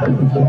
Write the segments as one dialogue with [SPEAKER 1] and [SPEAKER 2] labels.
[SPEAKER 1] Thank you.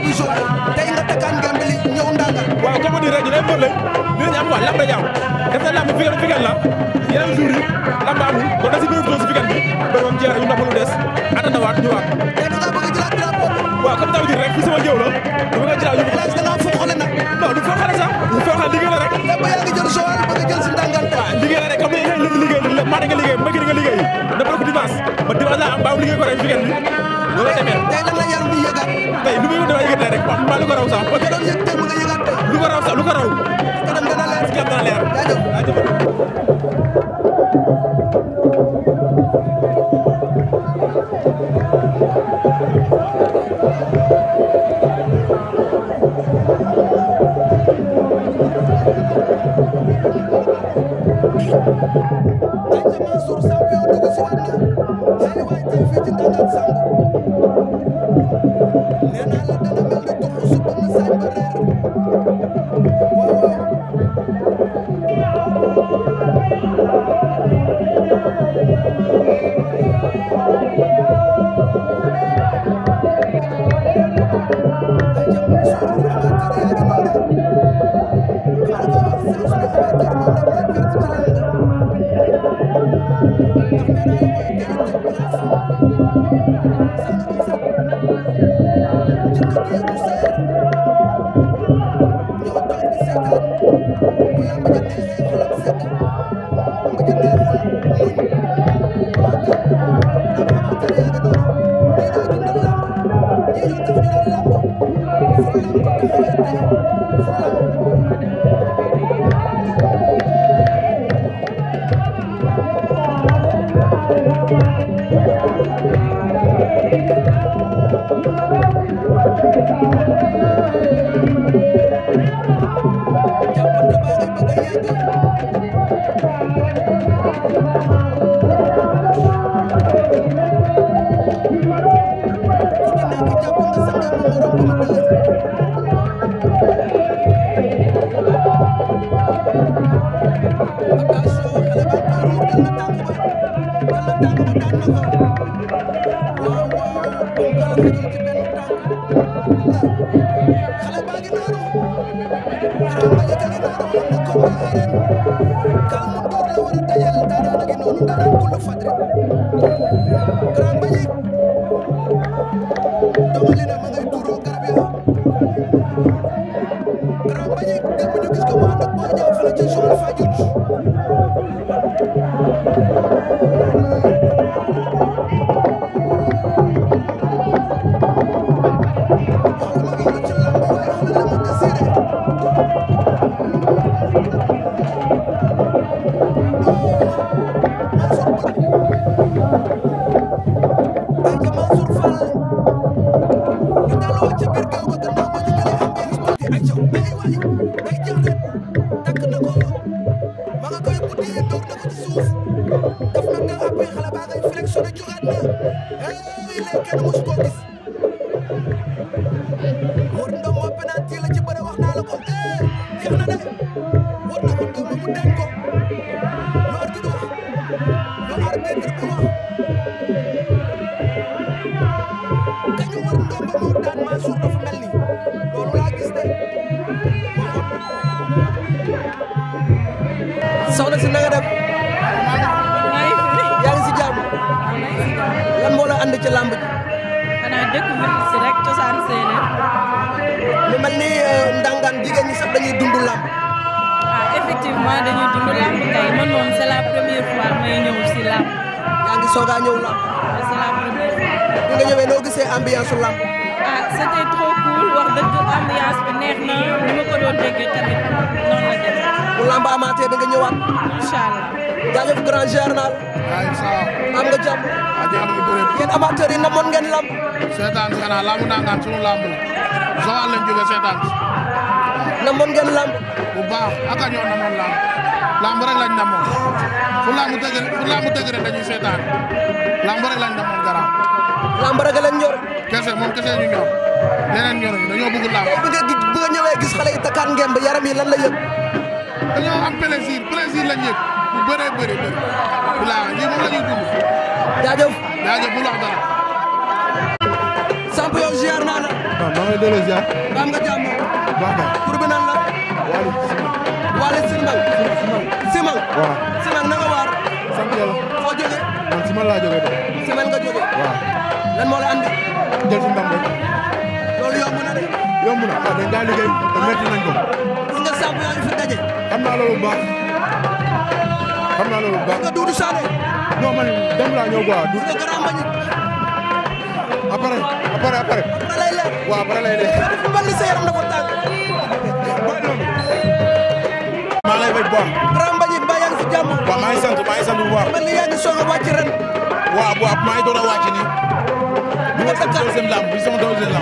[SPEAKER 1] Joor bu Joor tey nga takkaan ngemb li ñëw ndàngal. waaw comme on dit rek ñu ne mbër lañ li ñu am wax lamb dañu am def na lamb figal figal la yeneen jours yi lamb amul kon da si bëri doo si des àndandawaat ñëwaat. tey da ngaa bëgg a jëlaat drapeau bi. waaw comme d'habitude rek fi sama jëw la du bëgg a jëlaat ñu. place da ngaa foo xale nag. non du foo xale sax rek. lépp a ba dimanche laa am baaw liggéey ko rek weekend bi tey lu muy wut dafa yëkkatee rek mbaa lu ko raw sax. parce que doon yëg tey mu nga yëgaat tey. lu ko raw sax lu ko raw. kanam dana leer kanam dana leer. jaajëf jaajëf. Thank you. fële ca Jurbel Modou Ndom moo penalty la ci bëre wax naa la ko eh na de war na ko Ndom mu denc ko lu arbitre wax lu arbitre bi wax dañu war Ndom ba mu daan Mansour dafa mel ni loolu laa gis de waxoon si na nga def yaa ngi si jàmm lan moo ci làmb xanaa dëkk bi si rek cosaan séeréer. lu mel ni euh, Ndangaan jigéen ñi sax dañuy dund làmb. ah effectivement dañuy dund làmb tey man moom c'est la première fois may a ñëw làmb. c'est la première nga ñëwee noo gisee ambiance làmb. ah c'était trop cool wax dëgg na ni ma ko doon déggee tamit noonu la demee. bu làmb amaatee da nga ñëwaat. incha allah. jaajëf grand journal. waaw incha allah. am nga jàmm. waaw jàmm bu bëri. namoon ngeen làmb. seetaan si xanaa namoon ngeen làmb. bu baax ak a ñoo namoon làmb. làmb rek lañ namoon. fu làmb dëgg fu làmb dëgg rek dañuy seetaan. làmb rek lañ namoon garaaw. kese moom kese ñu ñor leneen ñoruñu dañoo bëgg làmb. bu nga gis bu nga ñëwee gis xale yi yaram yi lan la yëg. dañoo am plaisir plaisir lañ yëg bu bëree bëri bëri wallaahi lii moom la ñuy dund. jaajëf jaajëf bu lox dara. Samp yow ziar naa la. waaw ah, maa ngi bi nan la. Waly Simal. Waly Simal. Simal. waaw Simal na nga man Simal laa jógee de. Simal nga jógee. waaw lan moo la. waaw dañ daa liggéey te métti nañ ko. mun nga sàmm yaa ngi fi daje. xam naa loolu bu baax xam naa loolu bu baax. nga Doudou Sané. non man dem laa ñëw quoi. nga gërëm bañ a. après après après. après lay leer. waaw après lay leer. dafa mel ni sa yaram dafa tàng. waaw noonu. maa lay bëgg bu baax. gërëm bañ a baax yaa ngi fi jàmm. waaw maa ngi sant maa ngi sant bu baax. mel ni yaa ngi soog a wàcc ren. waaw waaw maa ngi doon a wàcc nii. bu ma sama deuxième lamb bi sama deuxième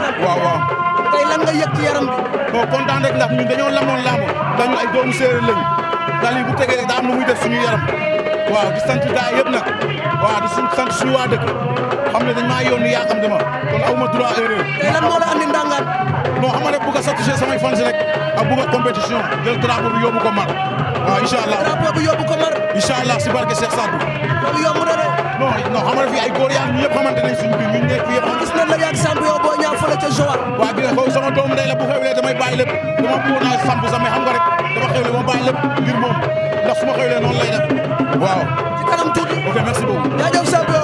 [SPEAKER 1] lamb. waaw waaw. tey lan nga yëg ci yaram bi. non kontaan rek ndax ñun dañoo lamoon laamu ndax ñun ay doomu séeréer lañu daal yi bu tegee am lu muy suñu yaram waaw di sant gaa yëpp nag waaw di sant suñu waa dëkk xam ne dañ maa yónni yaa xam dama kon aw ma droit erreur. lan moo la andi ndàngaan. non samay fans rek ak bu ko compétition jël drapeau bi ko mar waaw incha si barke Cheikh Sadou. loolu yomb non non xamal fi ay góor yaa ñu ñëpp xamante nañ nekk yëpp. gis nañ boo ñaaw fële ca Joal. waaw gis nga sama doomu bu xewlee damay bàyyi lépp dama ma bàyyi lépp ngir moom ndax su ma xewlee noonu lay def waaw. ci kanam tuuti ok merci